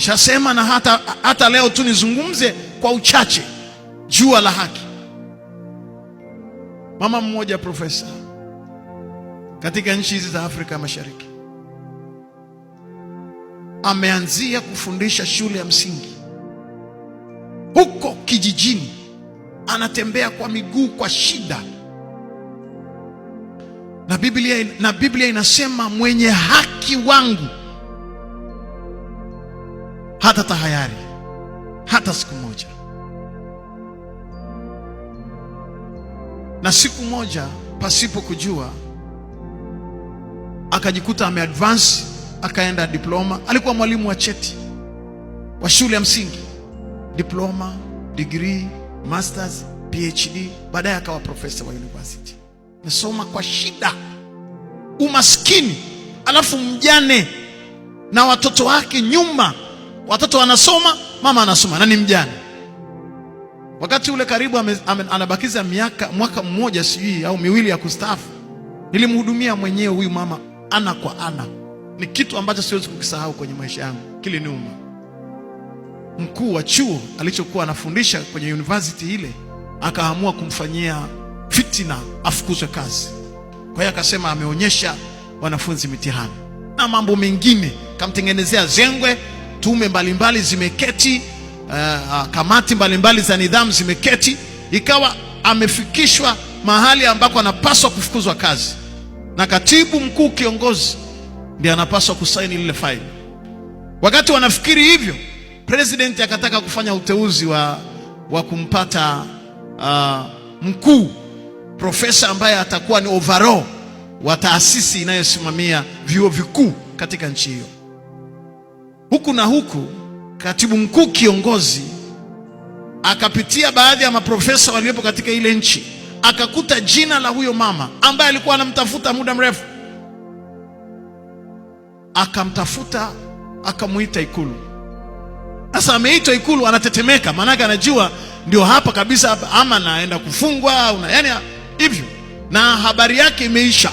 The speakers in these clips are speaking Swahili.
Nishasema na hata, hata leo tu nizungumze kwa uchache jua la haki. Mama mmoja profesa katika nchi hizi za Afrika Mashariki ameanzia kufundisha shule ya msingi huko kijijini, anatembea kwa miguu kwa shida, na Biblia, na Biblia inasema mwenye haki wangu hata tahayari, hata siku moja. Na siku moja pasipo kujua akajikuta ameadvance, akaenda diploma. Alikuwa mwalimu wa cheti wa shule ya msingi, diploma, degree, masters, PhD, baadaye akawa profesa wa university. Nasoma kwa shida, umaskini, alafu mjane na watoto wake nyuma watoto wanasoma, mama anasoma na ni mjane. Wakati ule karibu ame, ame, anabakiza miaka mwaka mmoja sijui au miwili ya kustaafu, nilimhudumia mwenyewe huyu mama ana kwa ana. Ni kitu ambacho siwezi kukisahau kwenye maisha yangu, kiliniuma. Mkuu wa chuo alichokuwa anafundisha kwenye university ile akaamua kumfanyia fitina, afukuzwe kazi. Kwa hiyo akasema ameonyesha wanafunzi mitihani na mambo mengine, kamtengenezea zengwe tume mbalimbali zimeketi, uh, kamati mbalimbali za nidhamu zimeketi, ikawa amefikishwa mahali ambako anapaswa kufukuzwa kazi, na katibu mkuu kiongozi ndiye anapaswa kusaini lile faili. Wakati wanafikiri hivyo, president akataka kufanya uteuzi wa, wa kumpata uh, mkuu profesa ambaye atakuwa ni overall wa taasisi inayosimamia vyuo vikuu katika nchi hiyo huku na huku, katibu mkuu kiongozi akapitia baadhi ya maprofesa waliopo katika ile nchi, akakuta jina la huyo mama ambaye alikuwa anamtafuta muda mrefu, akamtafuta akamwita Ikulu. Sasa ameitwa Ikulu, anatetemeka, maanake anajua ndio hapa kabisa, ama naenda kufungwa una, yani hivyo, na habari yake imeisha.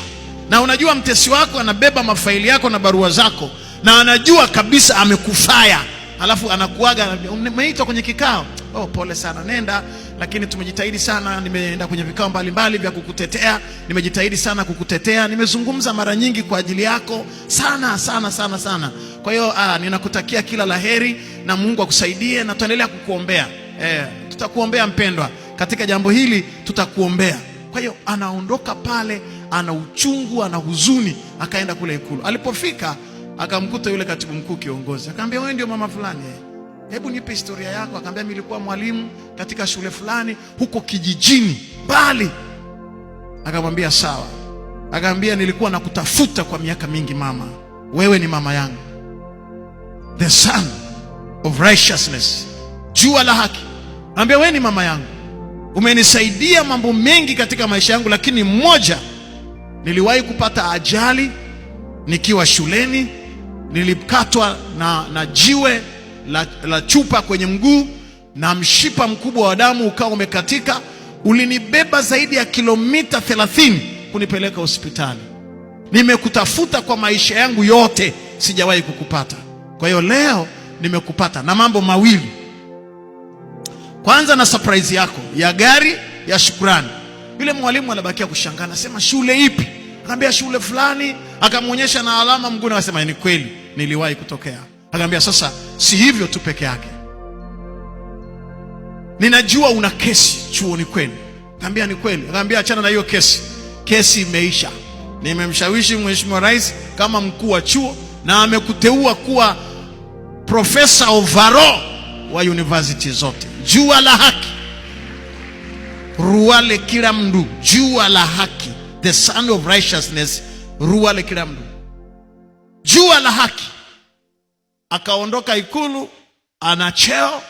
Na unajua mtesi wako anabeba mafaili yako na barua zako na anajua kabisa amekufaya, alafu anakuaga, umeitwa kwenye kikao. Oh, pole sana, nenda, lakini tumejitahidi sana. Nimeenda kwenye vikao mbalimbali vya kukutetea, nimejitahidi sana kukutetea, nimezungumza mara nyingi kwa ajili yako sana sana sana sana. Kwa hiyo ah, ninakutakia kila laheri na Mungu akusaidie, na tuendelea kukuombea eh, tutakuombea mpendwa, katika jambo hili tutakuombea. Kwa hiyo anaondoka pale, ana uchungu, ana huzuni, akaenda kule Ikulu. Alipofika akamkuta yule katibu mkuu kiongozi, akamwambia wewe ndio mama fulani, hebu nipe historia yako. Akamwambia mimi nilikuwa mwalimu katika shule fulani huko kijijini mbali. Akamwambia sawa. Akamwambia nilikuwa nakutafuta kwa miaka mingi mama, wewe ni mama yangu, the son of righteousness, jua la haki. Akamwambia wewe ni mama yangu, umenisaidia mambo mengi katika maisha yangu, lakini mmoja niliwahi kupata ajali nikiwa shuleni nilikatwa na, na jiwe la, la chupa kwenye mguu na mshipa mkubwa wa damu ukawa umekatika. Ulinibeba zaidi ya kilomita 30 kunipeleka hospitali. Nimekutafuta kwa maisha yangu yote, sijawahi kukupata. Kwa hiyo leo nimekupata na mambo mawili. Kwanza na surprise yako ya gari ya shukrani. Yule mwalimu anabakia kushangaa, anasema shule ipi? Akaambia shule fulani, akamwonyesha na alama mguu, akasema ni kweli niliwahi kutokea. Akaambia sasa, si hivyo tu peke yake, ninajua una kesi chuoni kwenu. Akaambia ni kweli. Akaambia achana na hiyo kesi, kesi imeisha. Nimemshawishi Mheshimiwa Rais kama mkuu wa chuo na amekuteua kuwa profesa ovaro wa university zote. Jua la haki ruale kila mdu jua la haki, the sun of righteousness ruale kila mdu jua la haki, akaondoka Ikulu ana cheo,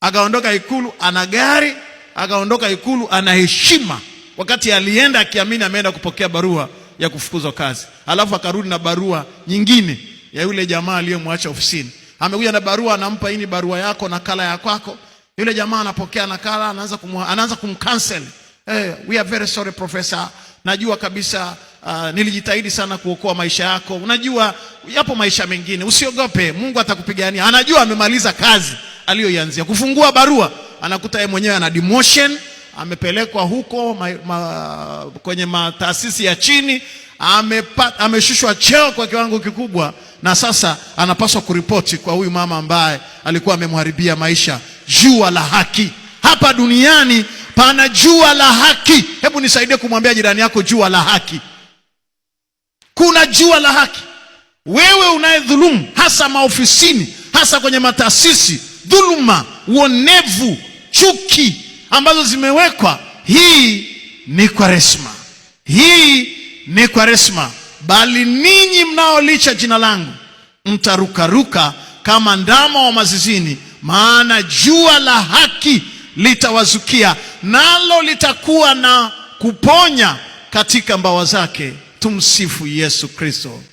akaondoka Ikulu ana gari, akaondoka Ikulu ana heshima, wakati alienda akiamini ameenda kupokea barua ya kufukuzwa kazi, alafu akarudi na barua nyingine ya yule jamaa aliyemwacha ofisini. Amekuja na barua, anampa ini, barua yako nakala ya kwako. Yule jamaa anapokea nakala, anaanza kum, anaanza kumcancel. Hey, eh, we are very sorry professor, najua kabisa uh, nilijitahidi sana kuokoa maisha yako. Unajua yapo maisha mengine, usiogope, Mungu atakupigania. Anajua amemaliza kazi aliyoianzia. Kufungua barua, anakuta yeye mwenyewe ana demotion, amepelekwa huko ma, ma, kwenye mataasisi ya chini, ameshushwa cheo kwa kiwango kikubwa, na sasa anapaswa kuripoti kwa huyu mama ambaye alikuwa amemharibia maisha. Jua la haki hapa duniani pana jua la haki. Hebu nisaidie kumwambia jirani yako, jua la haki kuna jua la haki. Wewe unayedhulumu, hasa maofisini, hasa kwenye mataasisi, dhuluma, uonevu, chuki ambazo zimewekwa, hii ni resma, hii ni resma. Bali ninyi mnaolicha jina langu mtarukaruka kama ndama wa mazizini, maana jua la haki litawazukia, nalo litakuwa na kuponya katika mbawa zake. tumsifu Yesu Kristo.